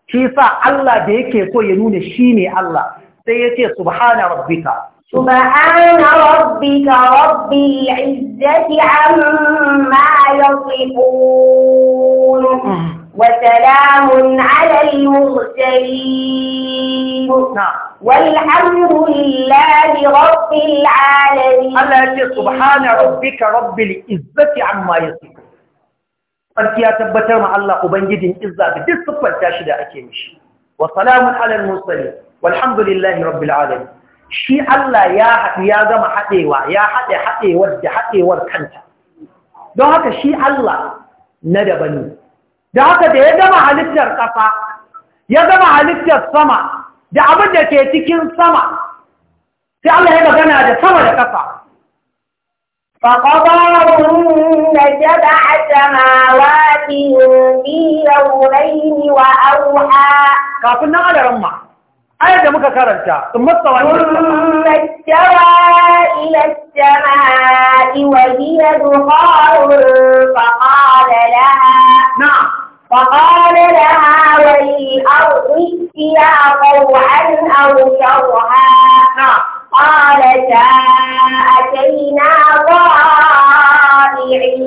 shi isa Allah da yake so ya nuna shi ne Allah sai ya ce subhana rabbika سبحان ربك رب العزة عما يصفون آه. وسلام على المرسلين نعم. والحمد لله رب العالمين على سبحان ربك رب العزة عما يصفون أنتي أتبتر مع الله أبنجدين إزا بدي الصفة التاشدة أكيمش وسلام على المرسلين والحمد لله رب العالمين shi Allah ya haɗu ya gama haɗewa ya haɗe haɗewar da haɗewar kanta don haka shi Allah na daban ne da haka da ya zama halittar ƙasa ya gama halittar sama da abin da ke cikin sama sai Allah ya magana da sama da ƙasa فقضاهن سبع سماوات في يومين وأوحى كافنا على رمّة ayar da muka karanta sun matsawa ne matsawa ila sama'i wa hiya duharun faqala laha na'am faqala laha wa lil ardi ya qaw'an aw sharha na'am qalata atayna ra'i'in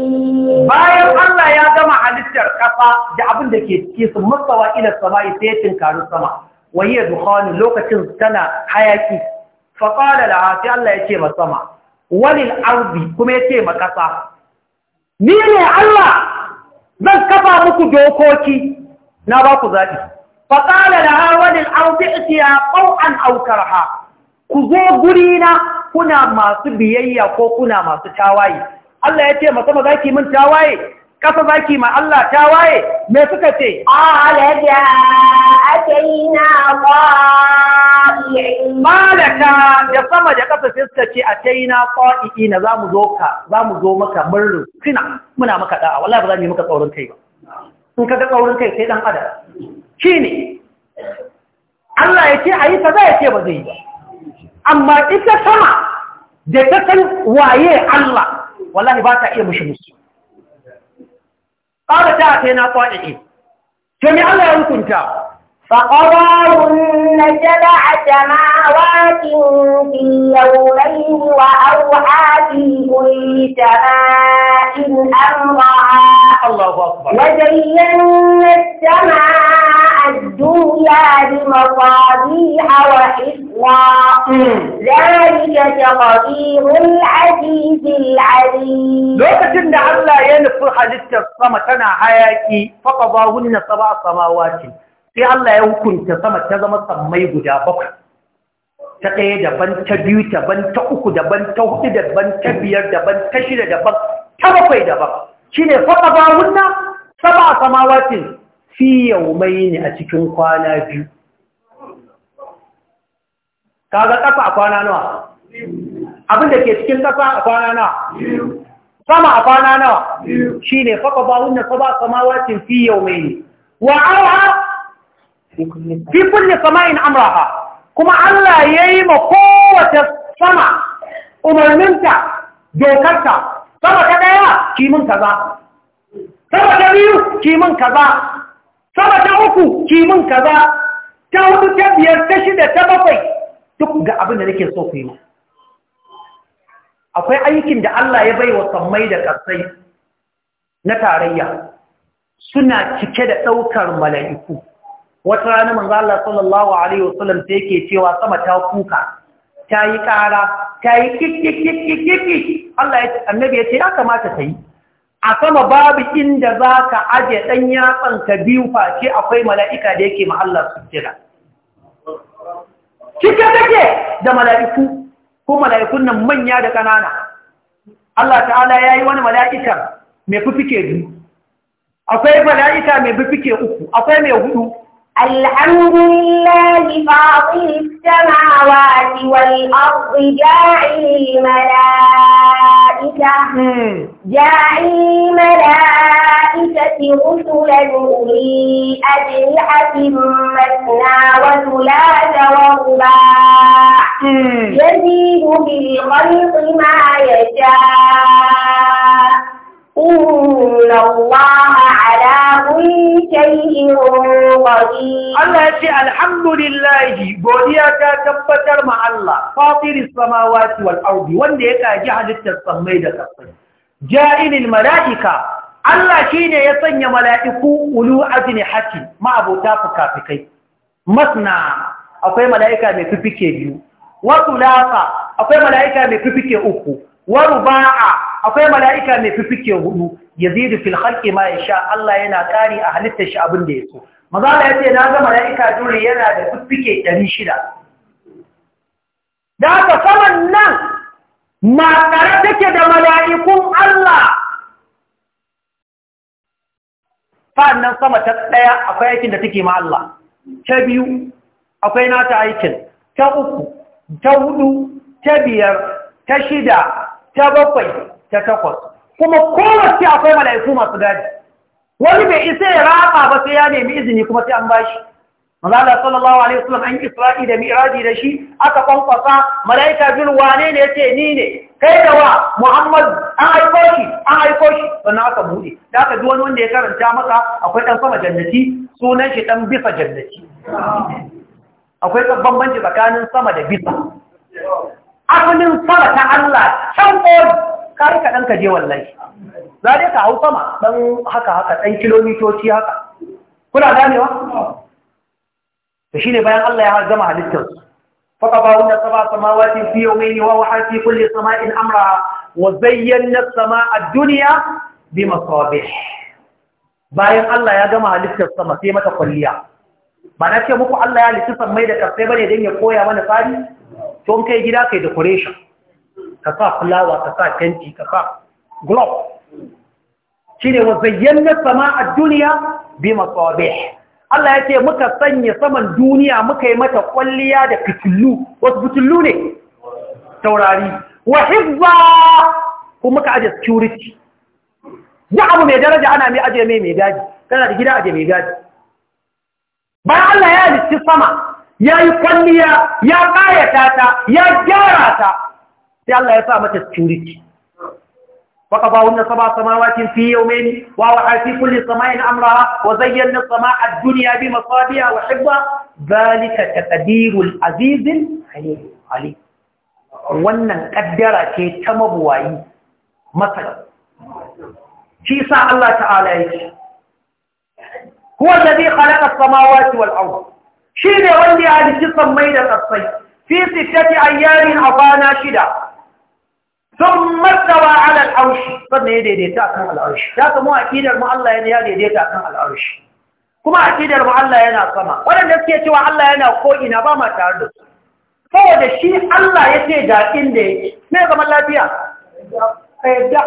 bayan Allah ya gama halittar kafa da abin da ke ciki sun matsawa ila sama'i sai tinkarin sama wai ya dukhan lokacin tana hayaki fa qala hafi Allah yace ma sama walil ardi kuma yace ma kasa ni ne Allah zan kafa muku dokoki na ba ku zabi fa qala laha walil ardi atiya qaw'an aw karha ku zo guri na kuna masu biyayya ko kuna masu tawaye Allah ya ce ma sama zaki min tawaye ƙasa zaki ma Allah ta waye me suka ce ala ja ataina malaka da sama da ƙasa sai suka ce ataina na zamu zo ka zamu zo maka murru sina muna maka da'a wallahi ba za mu yi maka tsaurin kai ba in ka ga tsaurin kai sai dan adam shine Allah ya ce ayi kaza ya ce ba zai yi ba amma ita sama da ta san waye Allah wallahi ba ta iya mushi musu ƙara ta na faɗaɗe. Ke mi Allah ya hukunta? Faƙararun na jada a jama'awakin fi yaurari wa auhaɗi wuri jama in an ba. Allah Wajen yin jama'a a duk الكلاب مصابيح وحفظا ذلك تقدير العزيز العليم لوكتين da Allah ya nufi halittar sama tana hayaki faqadahunna sab'a samawati sai Allah ya hukunta sama ta zama guda bakwai ta ɗaya daban ta biyu daban ta uku daban ta hudu daban ta biyar daban ta shida daban ta bakwai daban shine faqadahunna sab'a samawati fi mai ne a cikin kwana biyu kaga kafa a kwana nawa abin da ke cikin kafa a kwana nawa sama a kwana nawa shine faka ba hunna saba samawacin fi ne. wa arha fi kulli sama'in amraha kuma Allah yayi ma kowace sama umarninta dokarta sama ta daya kimin kaza sama ta biyu kimin kaza sama ta uku kimin kaza ta hudu ta biyar ta shida ta bakwai duk ga abin da nake so ku yi akwai aikin da Allah ya bai wa sammai da ƙarsai na tarayya suna cike da ɗaukar mala'iku wata rana manzo Allah sallallahu alaihi wasallam sai yake cewa sama ta kuka ta yi ƙara ta yi kikikikikiki Allah ya annabi ya ce ya kamata ta yi a sama babu inda za ka aje ɗan yatsan ka biyu face akwai mala'ika da yake ma'allar su jira. Cikin take da mala'iku, ko mala'ikun nan manya da ƙanana. Allah ta'ala ya yi wani mala'ikar mai fifike biyu, akwai mala'ika mai fifike uku, akwai mai hudu. الحمد لله فاطر السماوات والأرض ملائكة جاعل الملائكة رسلا أولي أجنحة مثنى وثلاث ورباع يزيد بالخلق ما يشاء Inna Allah ala kulli Allah ya ce alhamdulillah godiya ta tabbatar ma Allah fatiris samawati wal ardi wanda ya kaji halittar sammai da ƙasa. Ja'ilil mala'ika Allah shine ya sanya mala'iku ulu ajnihati ma abota fukafikai. Masna akwai mala'ika mai fifike biyu, wa tulafa akwai mala'ika mai fifike uku, wa ruba'a akwai mala'ika mai fifike hudu yazidu zidu filhalki ma sha. Allah yana ƙari a halittar shi abin da ya so. maza ya ce na ga mala'ika duri yana da fifike 600 da aka saman nan makare take da mala'ikun Allah nan sama ta ɗaya akwai aikin da take ma Allah ta biyu akwai nata aikin ta uku ta hudu ta biyar ta shida ta bakwai ta takwas kuma kowace akwai mala'iku masu gadi wani bai isa ya rafa ba sai ya nemi izini kuma sai an bashi maza Allah sallallahu alaihi wasallam an isra'i da mi'raji da shi aka kwankwasa mala'ika jin wane ne ce ni ne kai da wa Muhammad an aiko shi an aiko shi sannan aka buɗe da aka ji wani wanda ya karanta masa akwai dan sama jannati sunan shi dan bisa jannati akwai bambanci tsakanin sama da bisa asalin sama ta Allah can ƙori kaɗan ka je wallai za dai ka hau sama ɗan haka haka ɗan kilomitoci haka kuna ganewa da shi ne bayan Allah ya zama halittarsu فقضاهن سبع سماوات kulle sama in في كل سماء sama a duniya الدنيا بمصابيح bayan Allah ya gama halittar sama sai mata kwalliya ba na ce muku Allah ya halitta mai da ba ne don ya koya mana tsari to kai gida kai decoration ka sa fulawa ka sa fenti ka sa glove shine wa sama a duniya bi masabih Allah ya ce muka sanya saman duniya muka yi mata kwalliya da fitullu wasu fitullu ne taurari wa hizba kuma muka aje security ya abu mai daraja ana mai aje mai mai daji kana da gida aje mai daji Ba Allah ya halitta sama ya yi kwalliya ya kayata ta ya gyara ta sai Allah ya sa mata security فقضاهن سبع سماوات في يومين وأوحى في كل سماء أمرها وزينا السماء الدنيا بمصابيها وحفظها ذلك تقدير العزيز العليم عليم wannan kaddara ce ta mabuwayi masal shi sa Allah ta'ala yake huwa alladhi khalaqa as-samawati wal ard shine wanda ya halicci sammai da kasai fi sittati ayyamin afana shida sun matsawa alal arshi sannan ya daidaita akan al'arshi ta samu aƙidar mu Allah ya daidaita akan al'arshi kuma aƙidar mu Allah yana sama waɗanda suke cewa Allah yana ko'ina ba ma tare da su saboda shi Allah ya ce ga inda ya yake me zaman lafiya yadda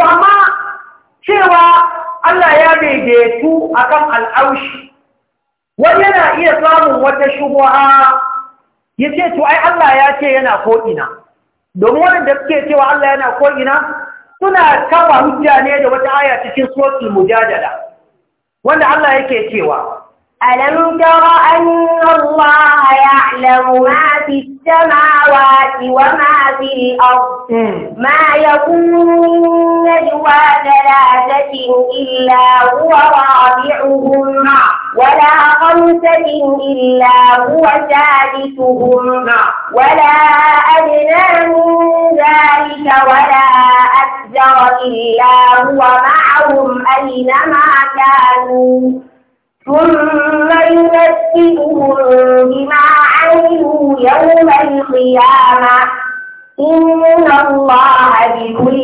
kama cewa Allah ya daidaitu akan al'arshi wani yana iya samun wata shubuha ya ce to ai Allah ya ce yana ko'ina domin waɗanda suke cewa Allah yana ko'ina suna kama hujja ne da wata aya cikin soki mujadala wanda Allah yake cewa ألم تر أن الله يعلم ما في السماوات وما في الأرض ما يكون من نجوى ثلاثة إلا هو رابعهم ولا خمسة إلا هو سادسهم ولا أدنى من ذلك ولا أكثر إلا هو معهم أينما كانوا ثُمَّ يُنَبِّئُهُم بِمَا عَمِلُوا يَوْمَ الْقِيَامَةِ إِنَّ اللَّهَ بِكُلِّ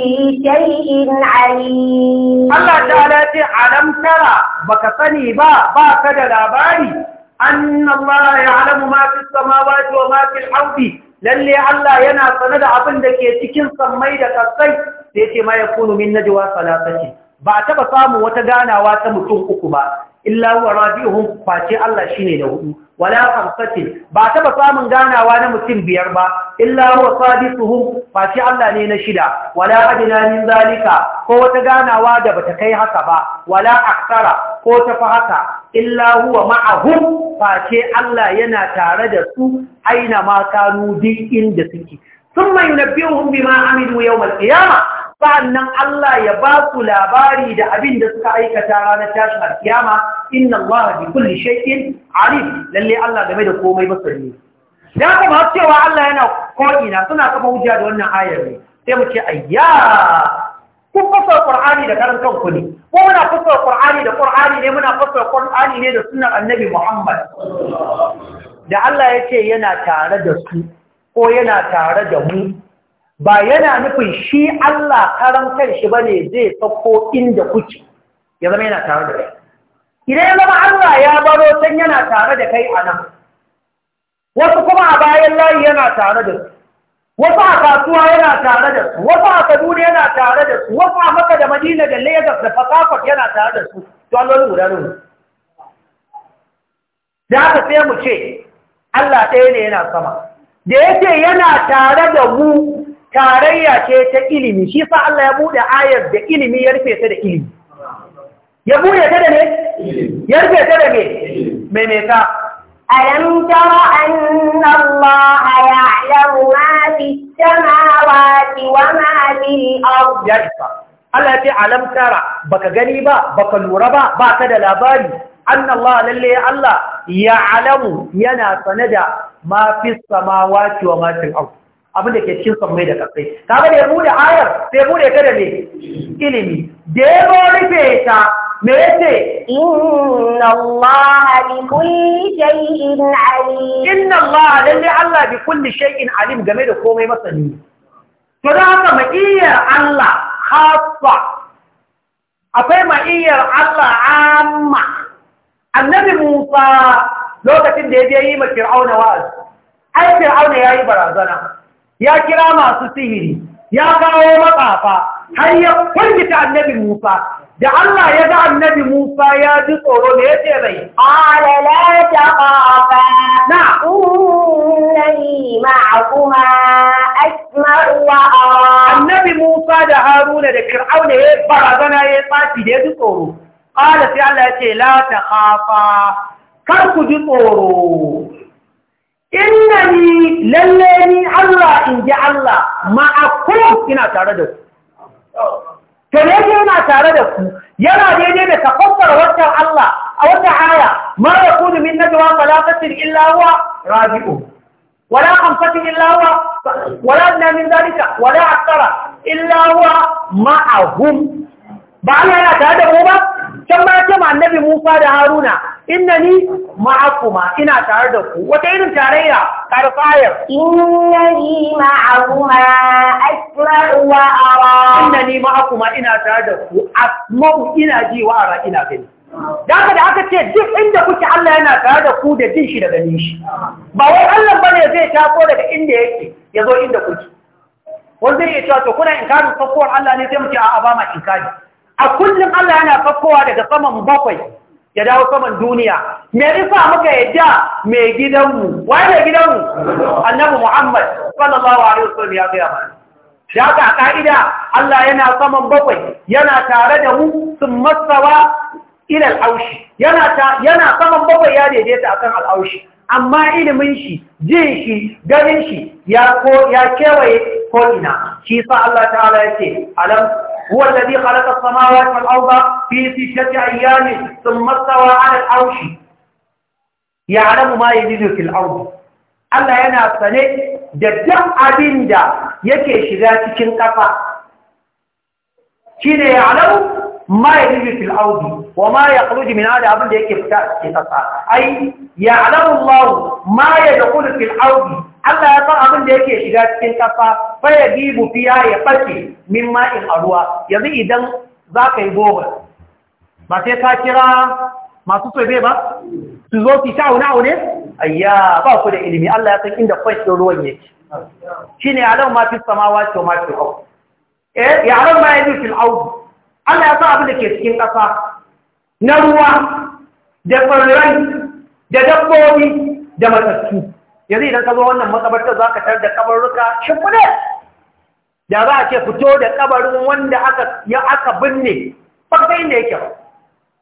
شَيْءٍ عَلِيمٌ Allah ta'ala ce alam tara baka sani ba ba ka da labari annallaha ya'lamu ma fi samawati wa ma fi al-ardi lalle Allah yana sanar da abin da ke cikin sammai da kasai sai ce ma yakunu min najwa salatati ba a taba samu wata ganawa ta mutum uku ba illa huwa face Allah ne da hudu wala khamsatin ba taba samun ganawa na mutum biyar ba illa huwa face Allah ne na shida wala adinanin zalika ko wata ganawa da bata kai haka ba wala aksara ko tafi haka illa huwa face Allah yana tare da su aina ma kanu duk inda suke ثم bi ma عملوا Yau القيامة sa'annan Allah ya ba su labari da abin da suka aikata ranar tashin alkiyama inna Allah bi kulli shay'in alim lalle Allah game da komai masani da kuma cewa Allah yana ko'ina suna kafa hujja da wannan ayar ne sai mu ce ayya kun fasar Qur'ani da karan kanku ne ko muna fasar Qur'ani da Qur'ani ne muna fasar Qur'ani ne da sunnar Annabi Muhammad da Allah ya ce yana tare da su ko yana tare da mu ba yana nufin shi Allah karan kanshi bane zai sako inda kuke ya zama yana tare da kai idan ya zama Allah ya baro can yana tare da kai a nan wasu kuma a bayan layi yana tare da su wasu a kasuwa yana tare da su wasu a Kaduna yana tare da su wasu a Maka da Madina da Lagos da Port yana tare da su to Allah guda nuna. da haka sai mu ce Allah ɗaya ne yana sama da yake yana tare da mu tarayya ce ta ilimi shi sa Allah ya buɗe ayar da ilimi ya rufe ta da ilimi ya buɗe ta da me? ya rufe ta da ne mai meta alam tara anna Allah ya'lamu ma fi samawati wa ma fil ardi Allah ya ce alam tara baka gani ba baka lura ba baka da labari anna Allah lalle Allah ya'lamu yana sanada ma fi samawati wa ma fil ardi abin da ke cikin samai da kasai kaga da ya bude ayar sai bude ka da me ilimi da ya zo rufe ta me yace inna allaha bi kulli shay'in alim inna allaha lalle allah bi kulli shay'in alim game da komai masani to da haka ma'iyyar allah khassa akwai ma'iyyar allah amma annabi musa lokacin da ya je yi ma fir'auna wa'azi ai fir'auna yayi barazana يا كرامة سسيري يا كاو مقافا هل يقول بتاع النبي موسى دع الله يدع نبي موسى يا دكتور يا ليت يلي قال لا تخافا نعم إني معكما أسمع وأرى النبي موسى دع هارون دع فرعون إيه؟ برزنا يطاشي إيه؟ إيه؟ دي صورو قالت يا الله لا تخافا كركو دي Inna innani lalle ni Allah in ji Allah ma'akum ina tare da ku kare yana tare da ku yana daidai da tafakkar wata Allah a wata mara ma yakunu min najwa salafatin illa huwa rabi'u wala khamsatin illa huwa wala adna min zalika wala akthara illa huwa ma'ahum ba Allah yana tare da mu ba can ba ya ce ma annabi Musa da Haruna ni ma'akuma ina tare da ku wata irin tarayya karfayar innani ma'akuma asma'u wa ara ni ma'akuma ina tare da ku asma'u ina ji wa ara ina gani Daga da aka ce duk inda kuke Allah yana tare da ku da jin shi da ganin shi, ba wai Allah bane zai tako daga inda yake ya zo inda kuke. Wanda yake cewa to kuna inkarin fakkowar Allah ne sai mu ce a ba ma inkari. A kullum Allah yana fakkowa daga saman bakwai ya dawo saman duniya me yasa muka yi ja mai gidanmu wai mai gidanmu annabi Muhammad sallallahu alaihi wasallam ya gaya mana da haka a ka'ida Allah yana saman bakwai yana tare da mu sun matsawa ila al'aushi yana saman bakwai ya daidaita akan al'aushi amma ilimin shi jin shi ganin shi ya ya kewaye ko'ina shi sa Allah ta'ala yake alam هو الذي خلق السماوات والأرض في ستة أيام ثم استوى على العرش يعلم ما يلد في الأرض Allah yana sane da duk abin da yake shiga cikin ƙafa shi ne ya alau ma ya rufe fil'audi wa ma ya kuruji min da abin da yake fita cikin ƙasa ai ya alau ma ya da kudu fil'audi Allah ya san abin da yake shiga cikin ƙasa faya mu fiya ya fake min ma'in a ruwa yanzu idan za ka yi gobe ba sai ka kira masu sobe ba su zo su sha wuna wune ayya ba ku da ilimi Allah ya san inda kwashin ruwan yake shi ne alam ma fi samawa ce ma fi hau eh ya alam ma ya nufin audu Allah ya san abin da ke cikin ƙasa na ruwa da tsirrai da dabbobi da matattu yanzu idan ka zo wannan matsabarta za ka tar da kabarruka shimfuɗe da za a ce fito da kabarin wanda ya aka binne fagai ne yake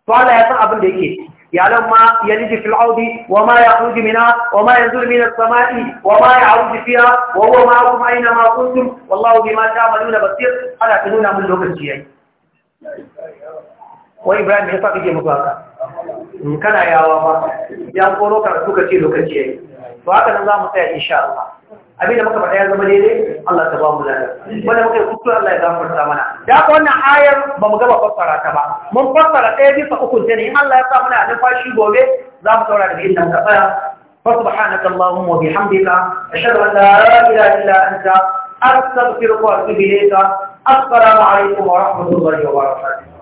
to Allah ya san abin da yake ya lan ma ya liji fil audi wa ma ya khruji mina wa ma yanzur mina samai wa ma ya auji fiha wa huwa ma hum aina ma kuntum wallahu bima ta'maluna basir ala tununa min lokaci yayi wai ibrahim ya sa kake musu haka kana yawa ba ya koro karatu ka ce lokaci yayi to haka nan za mu tsaya insha Allah abinda muka faɗa ya zama daidai Allah ta ba mu lafiya wanda muka yi kuskure Allah ya gafarta mana da haka wannan ayar ba mu gaba fassara ta ba mun fassara ɗaya bisa uku ne in Allah ya sa muna numfashi gobe za mu saura daga inda muka tsaya فسبحانك اللهم وبحمدك أشهد أن لا إله إلا أنت أستغفرك وأتوب إليك السلام عليكم ورحمة الله وبركاته